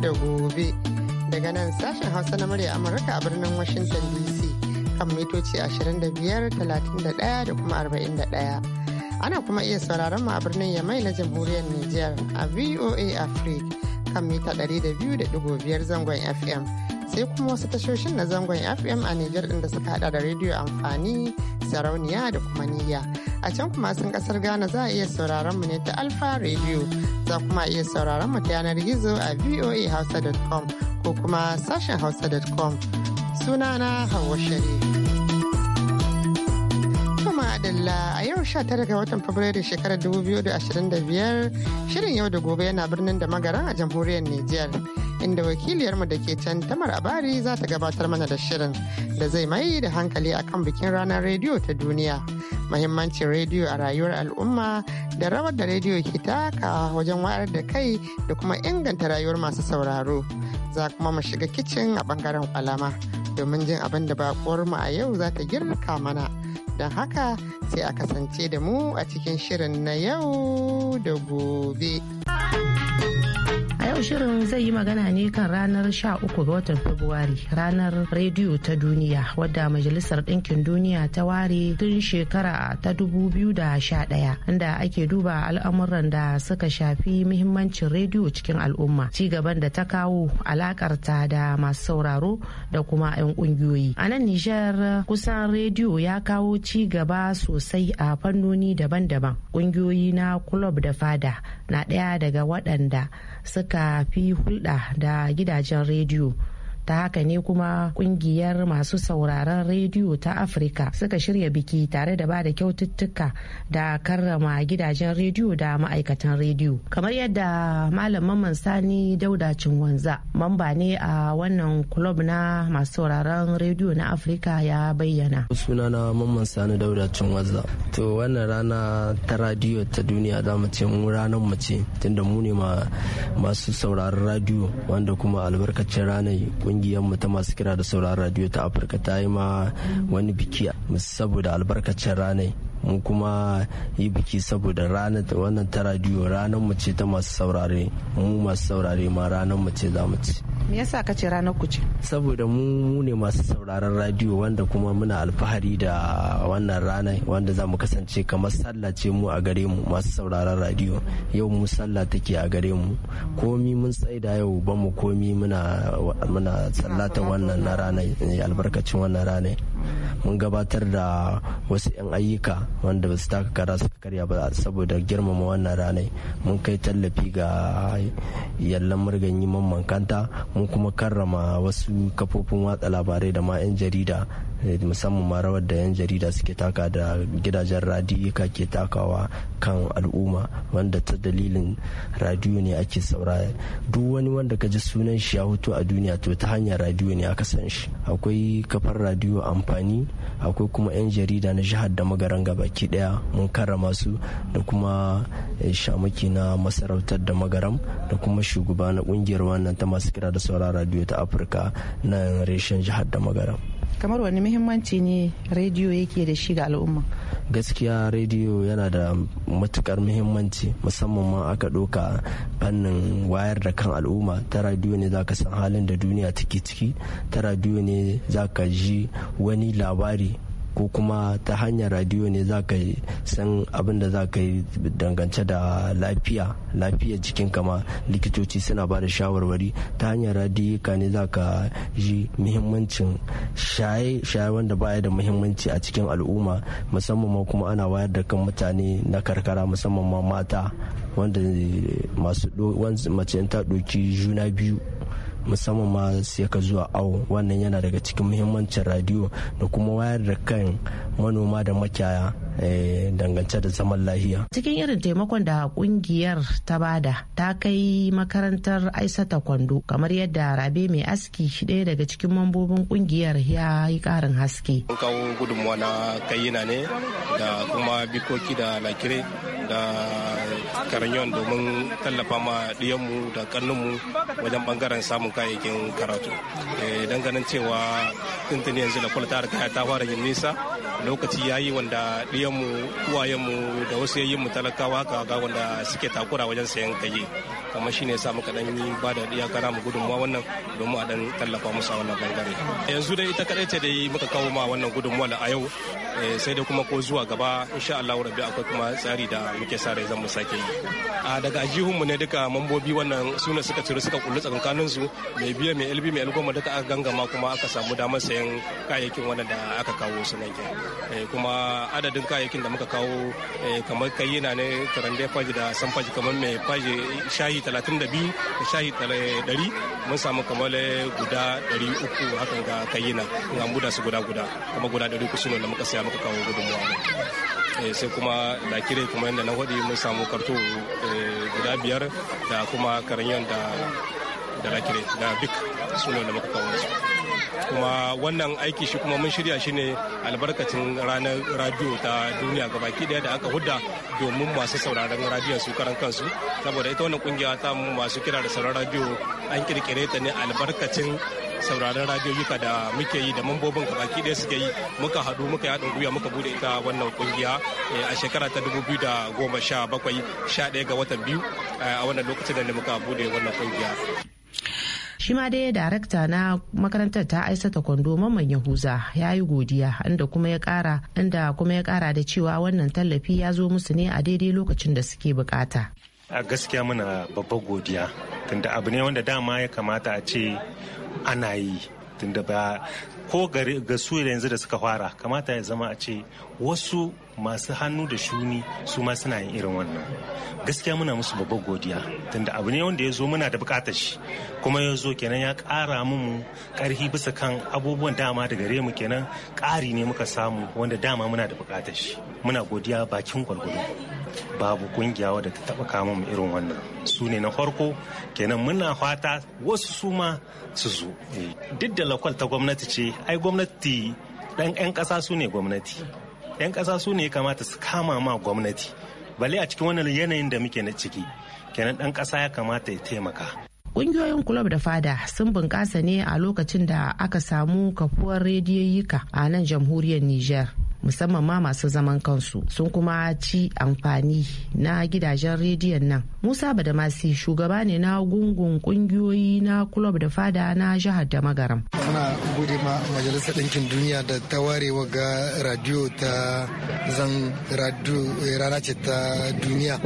da gobe daga nan sashen hausa na murya amurka a birnin washington dc kan mitoci 25 da kuma 41 ana kuma iya sauraron mu a birnin yamai na jamhuriyar niger a voa africa kan mita 200.5 zangon fm sai kuma wasu tashoshin na zangon fm a niger da suka hada da rediyo amfani sarauniya da kuma niyya a can kuma sun kasar ghana za a iya sauraron mu ne ta alfa radio za kuma iya sauraron mu ta yanar gizo a voahausa.com ko kuma sashen hausa.com na hawa sharif Adalla a yau 19 ga watan Fabrairu shekarar 2025 shirin yau da gobe yana birnin da magaran a jamhuriyar Nijar. inda wakiliyarmu da ke can ta marabari za ta gabatar mana da shirin da zai mai da hankali akan bikin ranar rediyo ta duniya mahimmancin rediyo a rayuwar al'umma da rawar da rediyo ke taka wajen wayar da kai da kuma inganta rayuwar masu sauraro za kuma mu shiga kicin a bangaren kwalama domin jin abin da mu a yau za ta girka mana don haka sai a kasance da mu a cikin shirin na yau da gobe. yau shirin zai yi magana ne kan ranar 13 ga watan Fabrairu ranar rediyo ta duniya wadda Majalisar Ɗinkin Duniya ta ware tun shekara ta 2011 inda ake duba al'amuran da suka shafi muhimmancin rediyo cikin al'umma ci gaban da ta kawo alakarta da masu sauraro da kuma 'yan ƙungiyoyi. A nan Nijar kusan rediyo ya kawo ci gaba sosai a fannoni daban-daban. Ƙungiyoyi na kulob da fada na ɗaya daga waɗanda suka fi hulɗa da gidajen rediyo ta haka ne kuma kungiyar masu sauraron rediyo ta afirka suka shirya biki tare da ba da kyaututtuka da karrama gidajen rediyo da ma'aikatan rediyo kamar yadda malam mamman sani daudacin wanza mamba ne a wannan kulob na masu sauraron rediyo na afirka ya bayyana sunana mamman sani daudacin wanza to wannan rana ta radiyo ta duniya za mu ce ranar mu ce tunda mu ne masu sauraron radiyo wanda kuma albarkacin ranar mu ta masu kira da sauran radio ta Afirka ta yi ma wani biki saboda albarkacin ranar mu kuma yi biki saboda ranar da wannan ta radiyo ranar mu ce ta masu saurare mu masu saurare ma ranar mu ce za mu ci me yasa ka ce ranar ku ce saboda mu mu ne masu sauraron radiyo wanda kuma muna alfahari da wannan rana wanda za mu kasance kamar sallah ce mu a gare mu masu sauraron radiyo yau mu sallah take a gare mu komi mun tsaida yau ba mu komi muna muna sallata wannan na ranar eh, albarkacin wannan ranar mun gabatar da wasu 'yan ayyuka wanda ba su taka kara suka karya ba saboda girmama wannan ranai mun kai tallafi ga yallan murganyi mamman kanta mun kuma karrama wasu kafofin watsa labarai da ma 'yan jarida Eh, musamman ma rawar da 'yan jarida suke taka da gidajen radiyo ke takawa kan al'umma wanda ta dalilin radiyo ne ake saurara duk wani wanda ka ji sunan shi ya hutu a duniya to ta hanyar radiyo ne aka san shi akwai kafar radiyo amfani akwai kuma 'yan jarida na jihar da magaran gabaki daya mun karrama su da kuma eh, shamaki na masarautar da magaram da kuma shugaba na kungiyar wannan ta masu kira da saurara radiyo ta afirka na reshen jihar da magaram kamar wani muhimmanci ne rediyo yake da shi ga al'umma gaskiya rediyo yana da matukar muhimmanci musamman ma aka ɗauka fannin wayar da kan al'umma ta radiyo ne zaka san halin da duniya take ciki ta radiyo ne zaka ji wani labari ko kuma ta hanyar radiyo ne za ka san abin da za ka yi dangance da lafiya lafiyar jikin kama likitoci suna ba da shawarwari ta hanyar ka ne za ka ji muhimmancin shaye shaye wanda baya da muhimmanci a cikin al'umma musamman ma kuma ana wayar da kan mutane na karkara musamman ma mata wanda masu mace ta doki juna biyu musamman ma sai ka zuwa awo wannan yana daga cikin muhimmancin radiyo da kuma wayar da kan manoma da makiyaya eh, dangance da zaman lahiya. Cikin irin taimakon da kungiyar ta bada ta kai makarantar Aisata Kwando kamar yadda Rabe mai aski ɗaya daga cikin mambobin kungiyar ya yi ƙarin haske. Mun kawo gudunmawa na kayina ne da kuma bikoki da lakire da yawan domin tallafa ma ɗiyanmu da kanninmu wajen bangaren samun kayayyakin karatu eh, don ganin cewa tuntuni yanzu da kwalta da kaya ta fara yin nisa lokaci ya yi wanda ɗiyanmu uwayenmu da wasu yayin mu talakawa ka ga wanda suke takura wajen sayan kaye kamar shine sa muka dan yi ba da iyaka mu gudunmuwa wannan domin a dan tallafa musu a wannan bangare yanzu dai ita kadai ce dai muka kawo ma wannan gudunmuwa a yau eh, sai dai kuma ko zuwa gaba insha Allah rabbi akwai kuma tsari da muke sa rai zan mu sake yi a daga ajihunmu ne duka mambobi wannan suna suka ciri suka kulli tsakankanin su mai biya mai lb mai algoma duka aka gangama kuma aka samu damar sayan kayayyakin wannan da aka kawo su nan eh, kuma adadin kayayyakin da muka kawo eh, kamar kai yana ne karande faji da san faji kamar mai faji shayi 32 da shayi 100 eh, mun samu kamar guda 300 hakan ga na ga mu da su guda guda kuma guda 300 su ne da muka saya muka kawo gudunmuwa Eh, sai kuma kire kuma yadda na hudu mun samu karto eh, guda biyar da kuma karanyan da da lakire da duk sunan da muka kawo su kuma wannan aiki shi kuma mun shirya shi ne albarkacin ranar radio ta duniya gabaki daya da aka hudda domin masu sauraron radio su karan kansu saboda ita wannan kungiya ta masu kira da sauran radio an kirkire ta ne albarkacin sauraron radiyoyika da muke yi da mambobin baki ɗaya suke yi muka haɗu muka yaɗin gwiwa muka bude ita wannan kungiya eh, a shekara ta dubu biyu da goma sha bakwai sha ɗaya ga watan biyu eh, a wannan lokacin da muka bude wannan kungiya. shi ma dai darakta na makarantar ta ta kwando mamman yahuza ya yi godiya inda kuma ya kara inda kuma ya kara da cewa wannan tallafi ya zo musu ne a daidai lokacin da suke bukata a gaskiya muna babbar godiya tunda abu ne wanda dama ya kamata a ce ana yi tunda ba ko ga su yanzu da suka fara kamata ya zama a ce wasu masu hannu da shuni su ma suna yin irin wannan gaskiya muna musu babbar godiya tunda abu ne wanda ya zo muna da bukatar shi kuma ya zo kenan ya kara mu karfi bisa kan abubuwan dama da gare mu kenan ƙari ne muka samu wanda dama muna da bukatar shi muna godiya bakin gwargwado babu kungiya wadda ta taba kama mu irin wannan su ne na farko kenan muna fata wasu su ma su zo eh, duk da lakwal ta gwamnati ce ai gwamnati dan 'yan ƙasa su ne gwamnati 'yan ƙasa su ne kamata su kama ma gwamnati bale a cikin wannan yanayin da muke na ciki kenan dan ƙasa ya kamata ya taimaka Ƙungiyoyin kulob da fada sun bunƙasa ne a lokacin da aka samu kafuwar rediyoyika a nan jamhuriyar Nijar. musamman ma masu zaman kansu sun kuma ci amfani na gidajen rediyon nan musa badamasi shugaba ne na gungun kungiyoyi na kulob da fada na jihar da magaram ana gode ma majalisar ɗinkin duniya da ta ware ga radio ta zan radio eh, rana ce ta duniya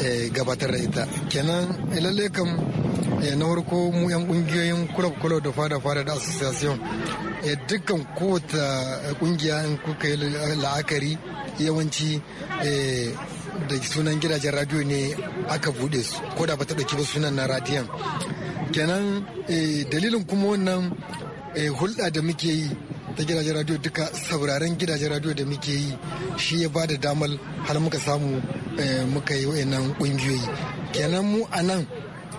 Eh, gabatar da ita kenan eh, lalle kam eh, na farko mu yan kungiyoyin kulab kulab da fada fada da association dukkan kowace kungiya in kuka yi la'akari yawanci da sunan gidajen radio ne aka bude su ko da bata dauki ɗauki ba sunan na radiyon kenan dalilin kuma wannan hulɗa da muke yi ta gidajen radio duka sauraren gidajen radio da muke yi shi ya ba da damar har muka samu Eh, muka yi wa'annan ƙungiyoyi kenan mu a nan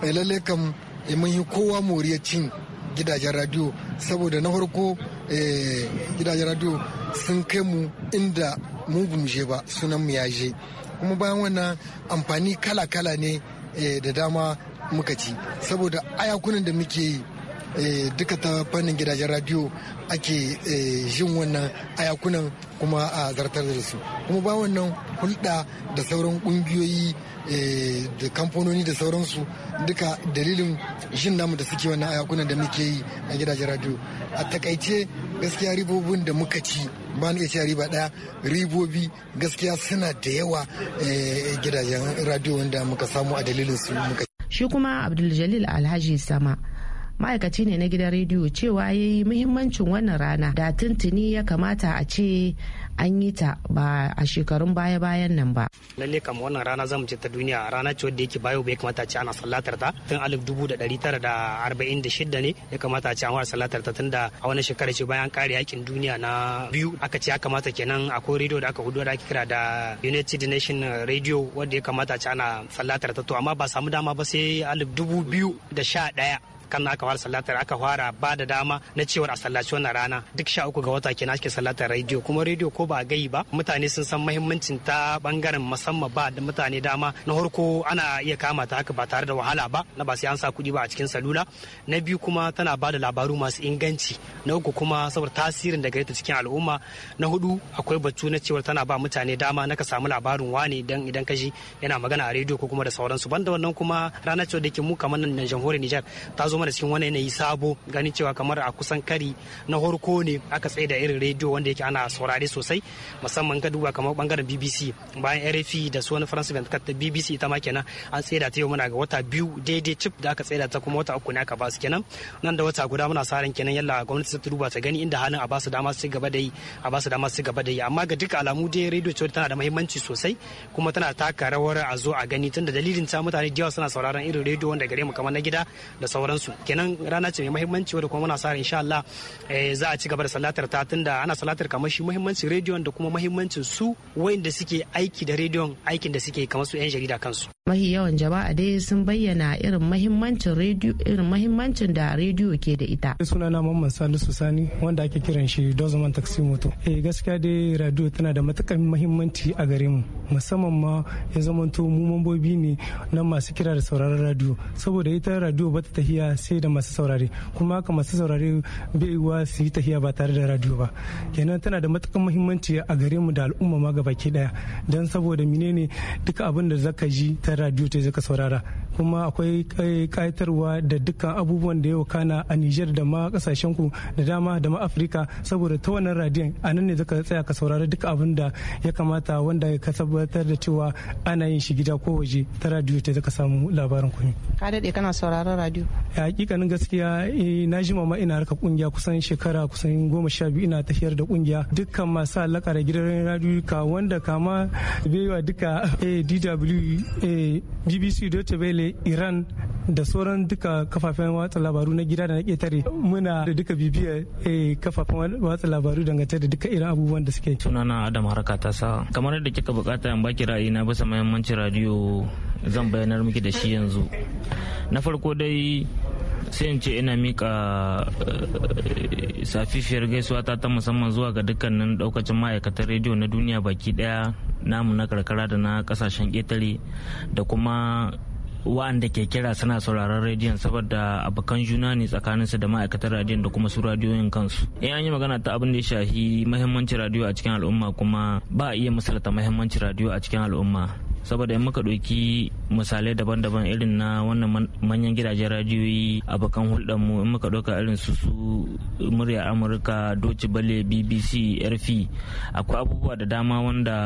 eh, lalle kam eh, mun yi kowa cin gidajen radio saboda na farko gidajen radio sun kai mu inda mu je ba sunan mu ya kuma bayan wannan amfani kala-kala ne da dama muka ci saboda ayakunan da muke yi Eh, duka ta fannin gidajen radio ake eh, jin wannan ayakunan kuma a zartar da su kuma ba wannan hulɗa da sauran ƙungiyoyi eh, da kamfanoni da sauransu duka dalilin jin namu da suke wannan ayakunan da muke yi a gidajen radio a takaice gaskiya ribobin da muka ci ba na iya riba ɗaya ribobi gaskiya suna da yawa gidajen radio wanda muka samu a dalilin su muka shi kuma abdul jalil alhaji sama ma'aikaci ne na gidan rediyo cewa ya yi muhimmancin wannan rana da tuntuni ya kamata a ce an yi ta ba a shekarun baya-bayan nan ba. Lalle kam wannan rana zamu ce ta duniya rana ce wadda yake bayo bai kamata ce ana sallatar ta tun alif dubu da ɗari tara da arba'in da shidda ne ya kamata ce an fara sallatar ta tun da a wani shekara ce bayan kare yakin duniya na biyu aka ce ya kamata kenan akwai rediyo da aka hudu da ake kira da United Nation Radio wadda ya kamata ce ana sallatar ta to amma ba samu dama ba sai alif dubu biyu da sha ɗaya kan aka fara sallatar aka fara ba da dama na cewar a sallaci wannan rana duk sha uku ga wata kenan ake sallatar rediyo kuma rediyo ko ba gayi ba mutane sun san mahimmancin ta bangaren musamman ba da mutane dama na farko ana iya kama ta haka ba tare da wahala ba na ba sai an sa kuɗi ba a cikin salula na biyu kuma tana ba da labaru masu inganci na uku kuma saboda tasirin daga gare ta cikin al'umma na hudu akwai batu na cewar tana ba mutane dama na ka samu labarin wani idan idan ka ji yana magana a rediyo ko kuma da sauransu banda wannan kuma ranar cewa da ke mu kamar nan jamhuriyar Nijar ta zo da cikin wani yanayi sabo ganin cewa kamar a kusan kari na horko ne aka tsaye da irin rediyo wanda yake ana saurare sosai musamman ka duba kamar bangaren BBC bayan RFI da su wani France ta BBC ita ma kenan an tsaye da ta yau muna ga wata biyu daidai chip da aka tsaye da ta kuma wata uku ne aka ba su kenan nan da wata guda muna sa ran kenan yalla gwamnati ta duba ta gani inda halin a ba su dama su gaba da yi a ba su dama su gaba da yi amma ga duka alamu dai rediyo ce tana da muhimmanci sosai kuma tana taka rawar a zo a gani tunda dalilin ta mutane da yawa suna sauraron irin rediyo wanda gare mu kamar na gida da sauransu su kenan rana ce mai muhimmanci wadda kuma muna sa insha Allah eh, za a ci gaba da salatar ta tunda ana salatar kamar shi muhimmancin rediyon da kuma muhimmancin su wayanda suke aiki da rediyon aikin da suke kamar su yan jarida kansu mahi yawan jama'a dai sun bayyana irin muhimmancin rediyo irin muhimmancin da rediyo ke da ita sunana Mamman Salisu Sani wanda ake kiran shi Dozman Taxi Moto eh gaskiya dai radio tana da matukar muhimmanci a gare mu musamman ma ya zamanto mu mambobi ne na masu kira da sauraron radio saboda ita radio ta tahiya sai da masu saurari kuma haka masu saurare baiwa su yi tafiya ba tare da radio ba kenan tana da matukar muhimmanci a gare mu da al'umma ma gabaki daya don saboda menene duka abin da zaka ji ta radio ta zaka saurara kuma akwai kayatarwa da dukkan abubuwan da ya kana a Nijar da ma kasashen ku da dama da ma Afrika saboda ta wannan radiyon a nan ne zaka tsaya ka saurari duk abin da ya kamata wanda ka tabbatar da cewa ana yin shi gida ko waje ta radiyo ta zaka samu labarin ku ka dade kana sauraron radiyo a hakikanin gaskiya eh, na ji mama ina raka kungiya kusan shekara kusan goma sha biyu ina tafiyar da kungiya dukkan masu alaka da gidan radiyo ka wanda kama baiwa duka eh, DW eh, BBC Deutsche Welle iran da sauran duka kafafen watsa labaru na gida da na ketare muna da duka bibiyar eh, kafafen watsa labaru dangance da duka irin abubuwan da suke sunana adam haraka ta sa kamar da kika bukata in baki ra'ayi na bisa muhimmancin radiyo zan bayanar miki da shi yanzu na farko dai sai in ce ina mika eh, safifiyar gaisuwa ta ta musamman zuwa ga dukkanin daukacin ma'aikatan rediyo na duniya baki daya namu na karkara da na kasashen ketare da kuma wa'anda ke kira suna sauraron rediyon saboda abokan juna ne tsakaninsu da ma'aikatar radiyon da kuma su radiyoyin kansu in eh, an yi magana ta abin da ya shafi muhimmancin radiyo a cikin al'umma kuma ba a iya misalta muhimmancin radiyo a cikin al'umma saboda in muka ɗauki misalai daban-daban irin na wannan manyan gidajen radiyoyi abokan hulɗar mu in muka ɗauka irin su su murya amurka doci bale bbc rf akwai abubuwa da dama wanda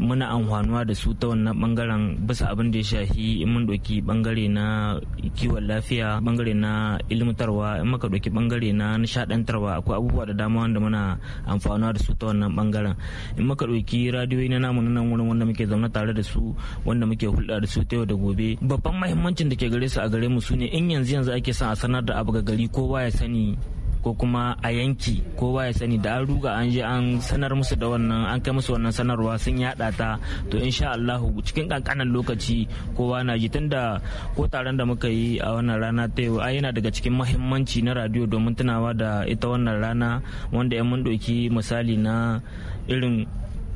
muna amfanuwa da su ta wannan bangaren bisa abin da ya shafi in mun ɗauki bangare na kiwon lafiya bangare na ilmantarwa in muka ɗauki bangare na nishaɗantarwa akwai abubuwa da dama wanda muna amfanuwa da su ta wannan bangaren in muka ɗauki radiyoyi na namu nan wurin wanda muke zaune tare da su wanda muke hulɗa da su ta yau da gobe babban mahimmancin da ke gare su a gare mu sune in yanzu yanzu ake son a sanar da abu ga gari kowa ya sani ko kuma a yanki kowa ya sani da an ruga an je an sanar musu da wannan an kai musu wannan sanarwa sun yada ta to insha Allah cikin kankanan lokaci kowa na ji tunda ko taron da muka yi a wannan rana ta yau ai yana daga cikin mahimmanci na radio domin tunawa da ita wannan rana wanda ya mun doki misali na irin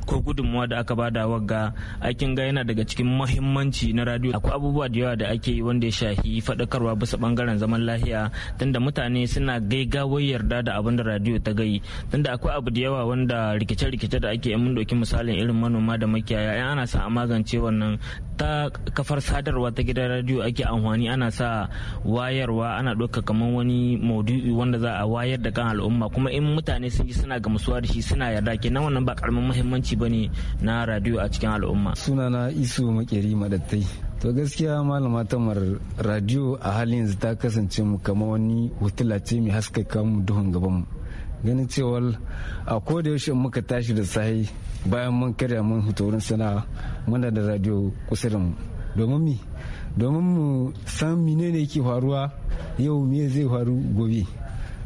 ko gudunmuwa da aka bada wagga aikin ga yana daga cikin mahimmanci na radio akwai abubuwa da yawa da ake yi wanda ya shahi faɗakarwa bisa bangaren zaman lahiya tunda mutane suna gaigawa yarda da abin da radio ta gai tunda akwai abu da yawa wanda rikice-rikice da ake mun doki misalin irin manoma da makiyaya in ana sa a magance wannan ta kafar sadarwa ta gidan radio ake amfani ana sa wayarwa ana ɗauka kamar wani maudu'i wanda za a wayar da kan al'umma kuma in mutane sun yi suna gamsuwa da shi suna yarda kenan wannan ba karamin muhimmanci aiki bane na radio a cikin al'umma sunana isu makeri madattai to gaskiya malama tamar radio a halin yanzu ta kasance mu kama wani hotula ce mai haskaka mu duhun gaban mu ganin cewa a koda yaushe muka tashi da sahi bayan mun karya mun hutu sana'a muna da radio kusa da mu domin mi domin mu san menene yake faruwa yau me zai faru gobe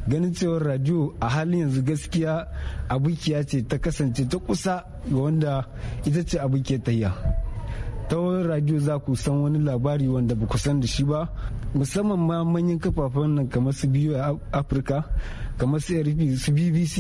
ganin cewar radio a halin yanzu gaskiya abukiya ce ta kasance ta kusa ga wanda ita ce ta tayya ta wani radio za ku san wani labari wanda ba ku san da shi ba musamman ma manyan kafafen nan kamar su biyu a afirka kamar su rfi su bbc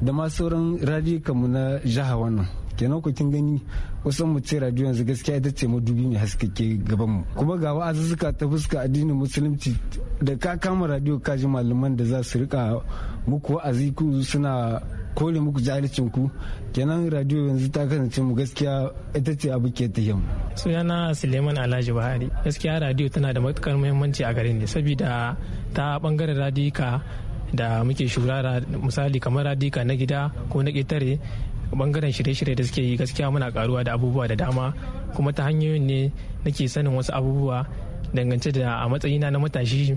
da ma sauran radio kamu na jiha wannan kenan ku kin gani wasu mu ce radio yanzu gaskiya ita ce madubi mai haskake gaban mu kuma ga wa'azuzzuka ta fuska addinin musulunci da ka kama radio ka ji malaman da za su rika muku wa'azi ku suna kore muku jahilcin ku kenan radio yanzu ta kasance mu gaskiya ita ce abu ke ta yamma sunana suleiman alhaji buhari gaskiya radio tana da matukar muhimmanci a garin ne saboda ta bangaren radika da muke shurara misali kamar radika na gida ko na ƙetare bangaren shirye-shirye da suke yi gaskiya muna karuwa da abubuwa da dama kuma ta hanyoyin ne nake sanin wasu abubuwa dangance da a matsayina na matashi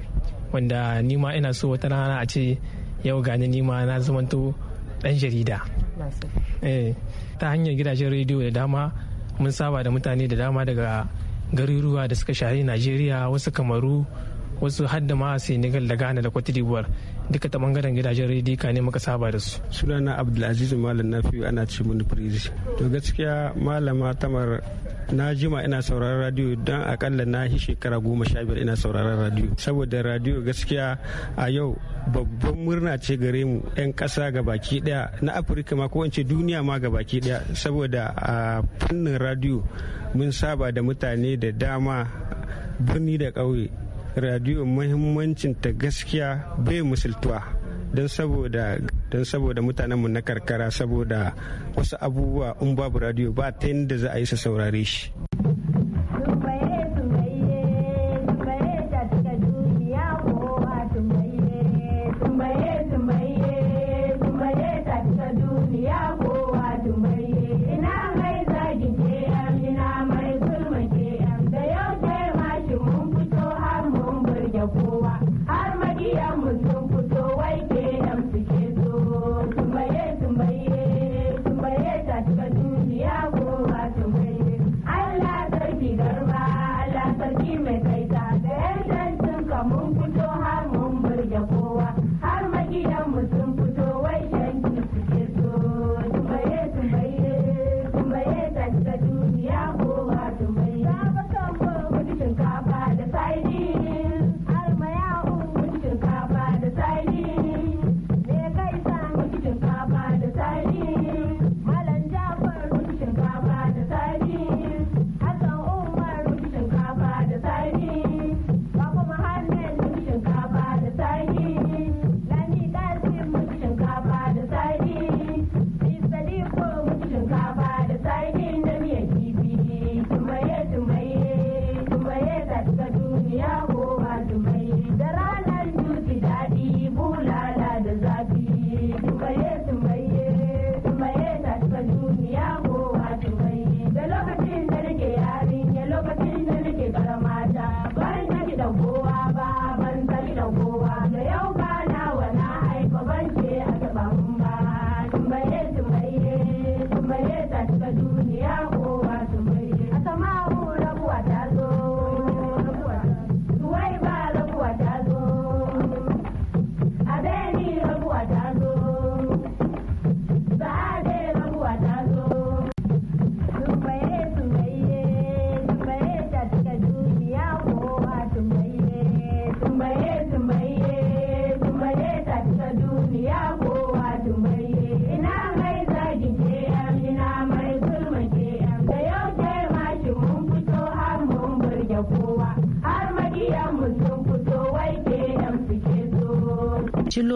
wanda nima ina so wata rana a ce yau gani nima na zamanto dan jarida eh, ta hanyar gidajen rediyo da dama mun saba da mutane da dama daga garuruwa da suka shahari najeriya wasu kamaru wasu har da ma senegal da ghana da cote d'ivoire duka ta bangaren gidajen ka ne muka saba da su sunana abdulaziz malam fiye ana ce mun prezi to gaskiya malama tamar na jima ina sauraron radio don akalla na yi shekara goma sha biyar ina sauraron radio saboda radio gaskiya a yau babban murna ce gare mu 'yan kasa ga baki daya na afirka ma ko ce duniya ma ga baki daya saboda a fannin radio mun saba da mutane da dama birni da ƙauye radiyo muhimmancin ta gaskiya bai musultuwa don saboda don saboda mutanenmu na karkara saboda wasu abubuwa in babu radiyo ba ta yadda za a yi sa saurare shi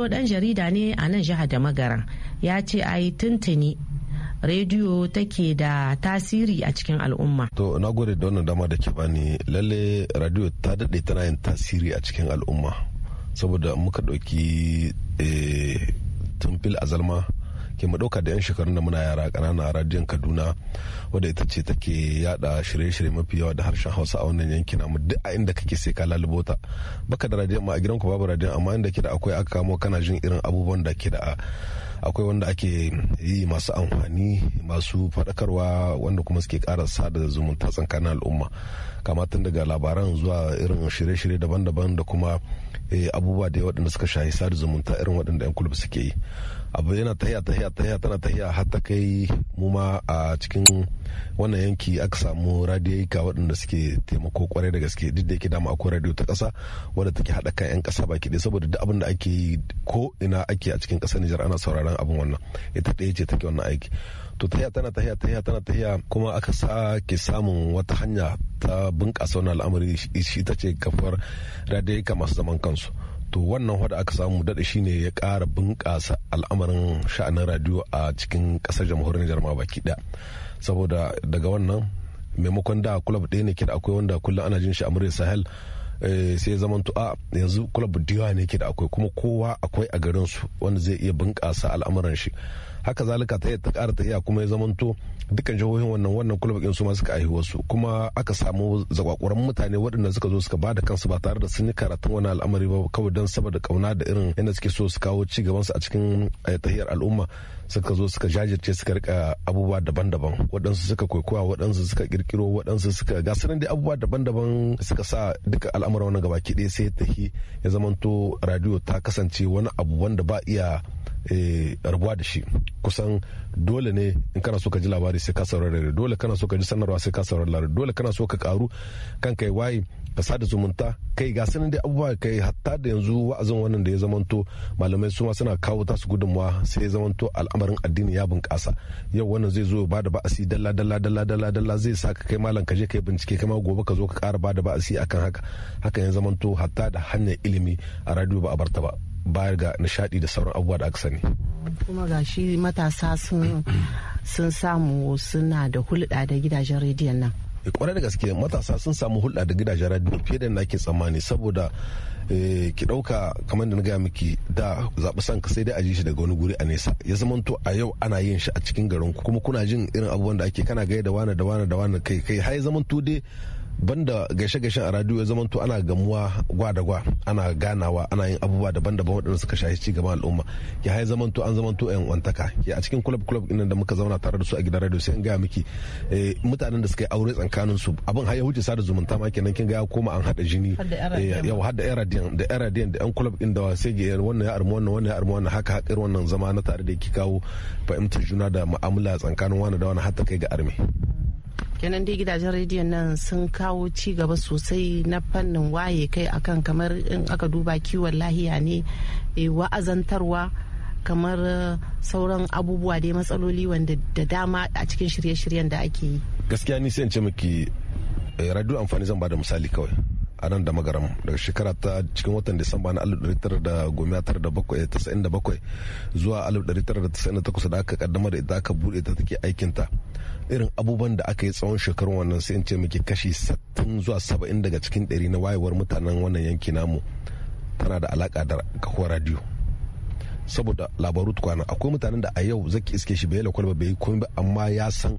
dan jarida ne a nan jihar da magara ya ce ai tuntuni rediyo take da tasiri a cikin al'umma. To na gode da wannan dama da ke bani lalle radio ta daɗe tana yin tasiri a cikin al'umma saboda muka ɗauki eh, tumfil azalma ke mu ɗauka da 'yan shekarun da muna yara kanana a radiyon kaduna wadda ita ce take yada shirye-shirye mafi yawa da harshen hausa a wannan yankin amma duk a inda kake sai ka lalubo ta baka da radiyon ma a ku babu radiyon amma inda ke da akwai aka kamo kana jin irin abubuwan da ke da akwai wanda ake yi masu amfani masu faɗakarwa wanda kuma suke ƙara sada zumunta tsakanin al'umma kamatan daga labaran zuwa irin shirye-shirye daban-daban da kuma eh, abubuwa da yawa waɗanda suka shahi sada zumunta irin waɗanda 'yan kulub suke yi abu yana tahiya tahiya tahiya tana tahiya har ta kai mu ma a cikin wannan yanki aka samu radiyoyika waɗanda suke taimako kwarai da gaske duk da yake dama akwai radiyo ta ƙasa wadda take haɗa kan 'yan ƙasa baki ɗaya saboda duk abin da ake yi ko ina ake a cikin ƙasar Nijar ana sauraron abin wannan ita ɗaya ce take wannan aiki to tahiya tana tahiya tahiya tana tahiya kuma aka sake samun wata hanya ta bunƙasa wannan al'amari shi ta ce kafar radiyoyika masu zaman kansu to wannan hada aka samu dada ne ya kara bunƙasa al'amarin sha'anin radiyo a cikin ƙasar jamhuriyar Nijar ma baki da saboda daga wannan maimakon da kulab ɗaya ne ke da akwai wanda kullum ana jin shi a murya sahel eh, sai zaman a yanzu kulab da yawa ne ke da akwai kuma kowa akwai a garin su wanda zai iya bunƙasa al'amuran shi haka zalika ta ta ƙara tafiya kuma ya zamanto dukkan jihohin wannan wannan kulbakin su ma suka wasu kuma aka samu zakwakuran mutane waɗanda suka zo suka bada kansu ba tare da sun yi karatun wani al'amari ba kawai don saboda kauna da irin yadda suke so su kawo ci gabansu a cikin eh, tahiyar al'umma suka zo suka jajirce suka rika abubuwa daban-daban waɗansu suka kwaikwaya waɗansu suka kirkiro waɗansu suka gasu dai abubuwa daban-daban suka sa duka al'amuran wani gaba ɗaya sai tahi ya zamanto radio ta kasance wani abu wanda ba iya eh, rabuwa da shi kusan dole ne in kana so ka ji labari sai ka saurari dole kana so ka ji sanarwa sai ka saurari labari dole kana so ka karu kan kai waye ka sada zumunta kai ga sanin dai abubuwa kai hatta da yanzu wa'azin wannan da ya zamanto malamai su ma suna kawo tasu gudunmawa sai ya zamanto al'amarin addini ya bunƙasa yau wannan zai zo ba da ba'asi dalla dalla dalla dalla dalla zai sa ka kai malam ka je kai bincike kama gobe ka zo ka ƙara ba da ba'asi akan haka haka ya zamanto hatta da hanyar ilimi a radio ba a barta ba bayar ga nishaɗi da sauran abubuwa da aka sani. kuma shi matasa sun samu suna da hulɗa da gidajen rediyon nan kwarai eh, da gaske matasa sun samu hulɗa da gidajen rediyon fiye da nake tsammani saboda eh, ki ɗauka kamar da na gaya miki da zaɓi san ka sai dai a shi daga wani guri a nesa ya zama to a yau ana yin shi a cikin garin ku kuma kuna jin irin abubuwan da ake kana gaya da wani da wani da wani kai kai har ya zama to dai banda gaishe-gaishe a radio ya to ana gamuwa gwa da gwa ana ganawa ana yin abubuwa daban-daban waɗanda suka shahi ci gaban al'umma ya hai to an zamanto yan wantaka ya a cikin club club ɗin da muka zauna tare da su a gidan radio sai in gaya miki eh, mutanen da suka yi aure tsakanin su abin har ya huce sada zumunta ma kenan kin ga ya koma an hada jini eh, yau har da yan radiyan da yan radiyan da yan club ɗin da sai ga wannan ya armi wannan wannan ya armi wannan haka haƙar wannan zama na tare da ki kawo fahimtar juna da mu'amala tsakanin wani da wani har ta kai ga armi. kenan dai gidajen rediyon nan sun kawo ci gaba sosai na fannin waye kai akan kamar in aka duba kiwon lahiya ne e, wa'azantarwa kamar uh, sauran abubuwa dai matsaloli wanda da dama a cikin shirye-shiryen da ake yi gaskiya ni sai in ce miki eh, radio amfani zan ba da misali kawai a nan da magaram daga shekara ta cikin watan disamba na 1997 zuwa 1998 da aka kaddamar da ita aka bude ta take aikinta irin abubuwan da aka yi tsawon shekarun wannan sai in ce muke kashi 60 zuwa 70 daga cikin ɗari na wayewar mutanen wannan yanki namu tana da alaka da kahuwar radiyo saboda labaru tukwana akwai mutanen da a yau zaki iske shi bai kwalba bai yi komai ba amma ya san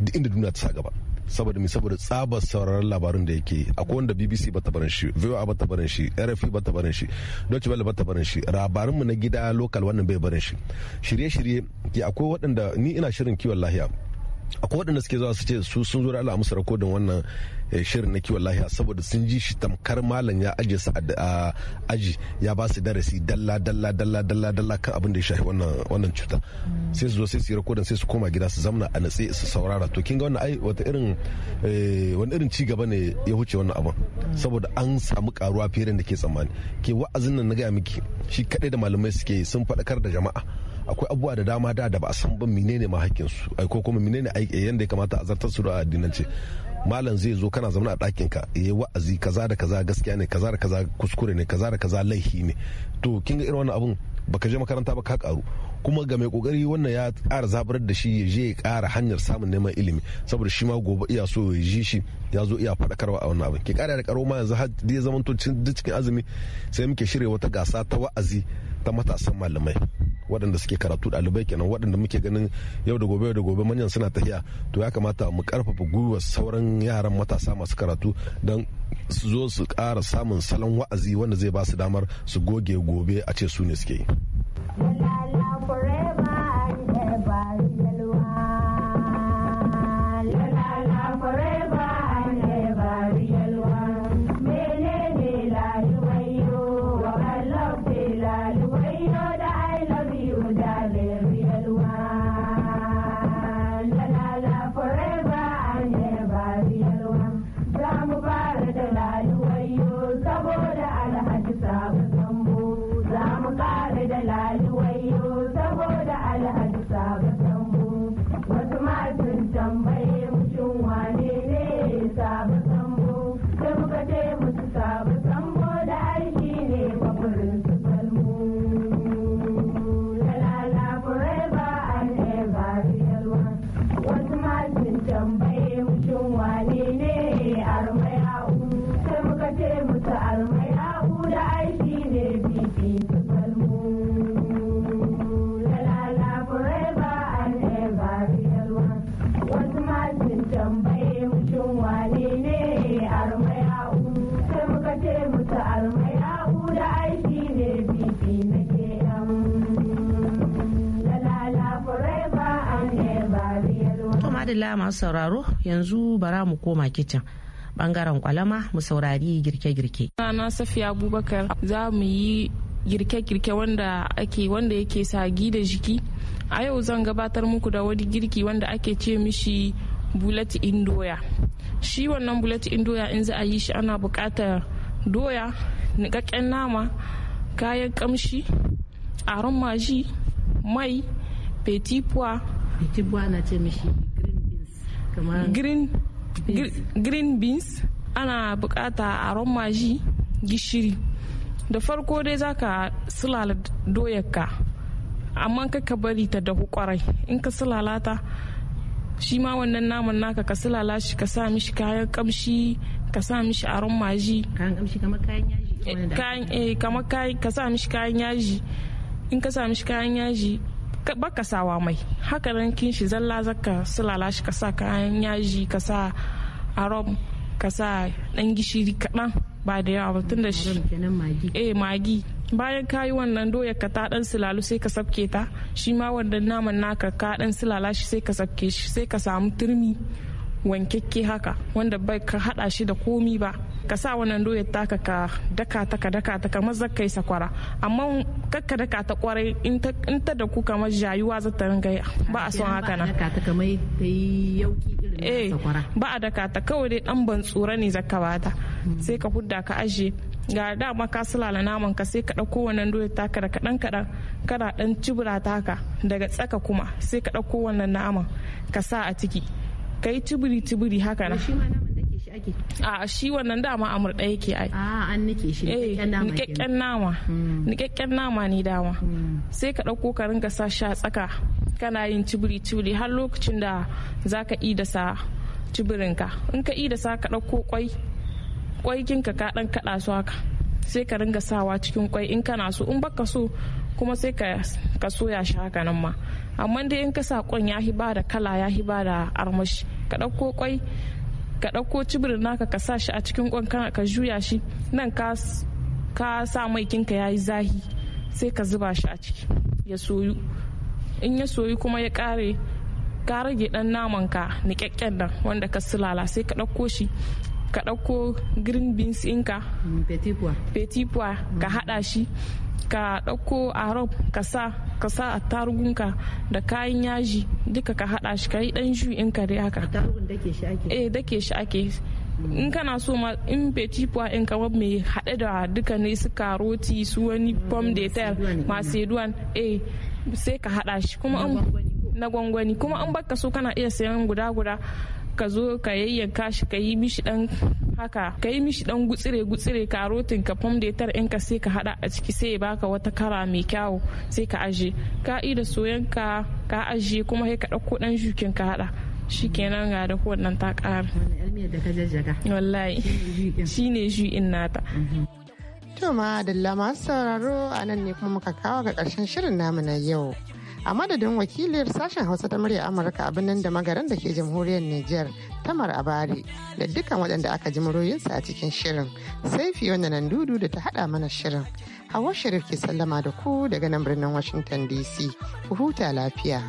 duk inda duniya ta sa gaba saboda mi saboda tsabar sauraron labarin da yake akwai wanda BBC ba barin shi VOA ba ta barin shi RFI ba ta barin shi Deutsche Welle ba ta barin shi labarin mu na gida local wannan bai barin shi shirye-shirye ke akwai waɗanda ni ina shirin kiwon lahiya akwai waɗanda suke zuwa su ce su sun zo da Allah musu rakodin wannan eh, shirin na kiwon lahiya saboda sun ji shi tamkar malam ya aje su a aji ya ba su darasi dalla dalla dalla dalla dalla kan abin da ya shafi wannan wannan cuta sai su zo sai su yi rakodin sai su koma gida su zamna a natse su saurara to kin ga wannan ai wata irin eh, wani irin ci gaba ne ya huce wannan abin saboda an samu karuwa fiye da ke tsammani ke wa'azin nan na gaya miki shi kadai da malamai suke sun faɗakar da jama'a akwai abubuwa da dama da da ba a san ba menene ma hakkin su ko kuma menene yanda ya kamata a zartar su da addinance malam zai zo kana zama a ɗakin ka ya wa'azi kaza da kaza gaskiya ne kaza da kaza kuskure ne kaza da kaza laihi ne to kin ga irin wannan abun baka je makaranta ba ka karu kuma ga mai kokari wannan ya ƙara zabar da shi ya je ya ƙara hanyar samun neman ilimi saboda shi ma gobe iya so ya ji shi ya zo iya faɗakarwa a wannan abin ki ƙara da karo ma yanzu har ya zama cikin azumi sai muke shirya wata gasa ta wa'azi ta matasan malamai waɗanda suke karatu ɗalibai kenan waɗanda muke ganin yau da gobe yau da gobe manyan suna tafiya to ya kamata mu karfafa gwiwar sauran yaran matasa masu karatu don su zo su kara samun salon wa'azi wanda zai ba su damar su goge gobe a ce su ne suke yi. Thank you. masu sauraro yanzu bara mu koma kicin. Bangaren kwalama mu saurari girke-girke. Sana Safiya Abubakar za mu yi girke-girke wanda ake wanda yake sagi da jiki. A yau zan gabatar muku da wani girki wanda ake ce mishi bulat in doya. Shi wannan bulat in doya in za a yi shi ana buƙatar doya, niƙaƙƙen nama, kayan kamshi aron maji, mai, petit pois. Petit pois na ce mishi green beans ana bukata a romaji gishiri da farko dai zaka sulala doyarka amma ka bari ta dahu kwarai in ka sulalata shi ma wannan naman naka ka sulala shi ka sa mishi kayan kamshi ka sa mishi a maji kayan kamshi kamar kayan yaji eh, eh, ka sa mishi kayan yaji in ka sa mishi kayan yaji baka sawa mai haka rankin shi zalla zaka sulala shi ka sa kayan yaji ka sa arom ka sa dan gishiri kaɗan ba da yawa tun da shi eh magi bayan kayi wannan doya ka ta dan sulalu sai ka sabke ta shi ma wannan naman naka ka dan sulala shi sai ka sabke shi sai ka samu turmi wankakke haka wanda bai ka hada shi da komi ba ka sa wannan doyar taka ka daka ta daka ta kamar zakkai sakwara amma kakka daka ta kwarai in ta da ku kamar jayuwa za ta ringa ba a son haka na eh, ba a daka ta kawai dai dan ban tsura ne zaka bata hmm. sai ka hudda ka ajiye ga dama ka sulala naman ka sai ka ɗauko wannan doya taka da kaɗan kaɗan kada dan cibira taka daga tsaka kuma sai ka dauko wannan naman ka sa a ciki ka yi cibiri haka na ake a shi wannan dama amur yake ai a an nikakken eh, nama nikakken hmm. nama ne dama hmm. sai ka ɗauko ka ringa sa sha tsaka kana yin cibiri cibiri har lokacin da za ka yi da sa cibirinka in ka yi da sa ka ɗauko kwai kwai kin ka ɗan kaɗa su haka sai ka ringa sawa cikin kwai in kana so in baka so kuma sai ka soya shi haka nan ma amma dai in ka sa kwan ya hiba da kala ya hiba da armashi ka ɗauko kwai ka ɗauko cibirin naka ka sa shi a cikin kwan ka juya shi nan ka sa mai kinka ya yi zahi sai ka zuba shi a ciki ya soyu in ya soyu kuma ya ƙare ka rage ɗan naman ka niƙaƙƙen nan wanda ka sulala sai ka ɗauko shi ka ɗauko green beans ɗinka mm, petit pois ka haɗa shi ka ɗauko arab ka sa a sa da kayan yaji duka ka haɗa shi ka yi ɗan ju in ka dai haka eh dake shi ake in kana so ma in petit kuwa in kama mai haɗe da duka ne su karoti su wani mm, pom de terre macedon eh sai ka haɗa shi kuma na gwangwani kuma an baka so kana iya sayan guda guda ka zo ka yayyanka shi ka yi mishi dan haka ka yi mishi dan gutsire gutsire karotin ka fam da in ka sai ka hada a ciki sai ya baka wata kara mai kyawu sai ka aje ka yi da soyan ka aje kuma sai ka dauko dan jukin ka hada kenan ga da kowannan ta kara wallahi shine in nata to ma da lama sauraro anan ne kuma muka kawo ga karshen shirin namu na yau a madadin wakiliyar sashen hausa ta murya amurka a birnin da magaran da ke jamhuriyar niger tamar abari da dukkan waɗanda aka ji muroyinsa a cikin shirin sai da nan dudu da ta haɗa mana shirin hawa sharif ke sallama da ku daga nan birnin washington dc ku huta lafiya.